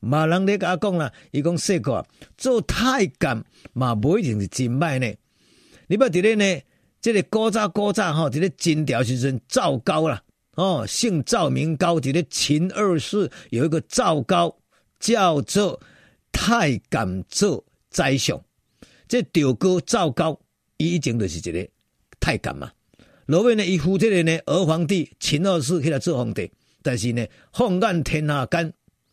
馬郎甲我講啦，伊講說過、啊、做太監，嘛，無一定是真歹呢。你唔係佇咧呢？即個古早古早吼佇咧金朝時陣，趙高啦、啊，哦，姓趙名高，佇咧秦二世有一個趙高，叫做太監做宰相，即個趙高趙高，伊以前就是一個太監嘛。後面呢伊扶這個呢，這裏呢兒皇帝秦二世去嚟做皇帝，但是呢放眼天下間。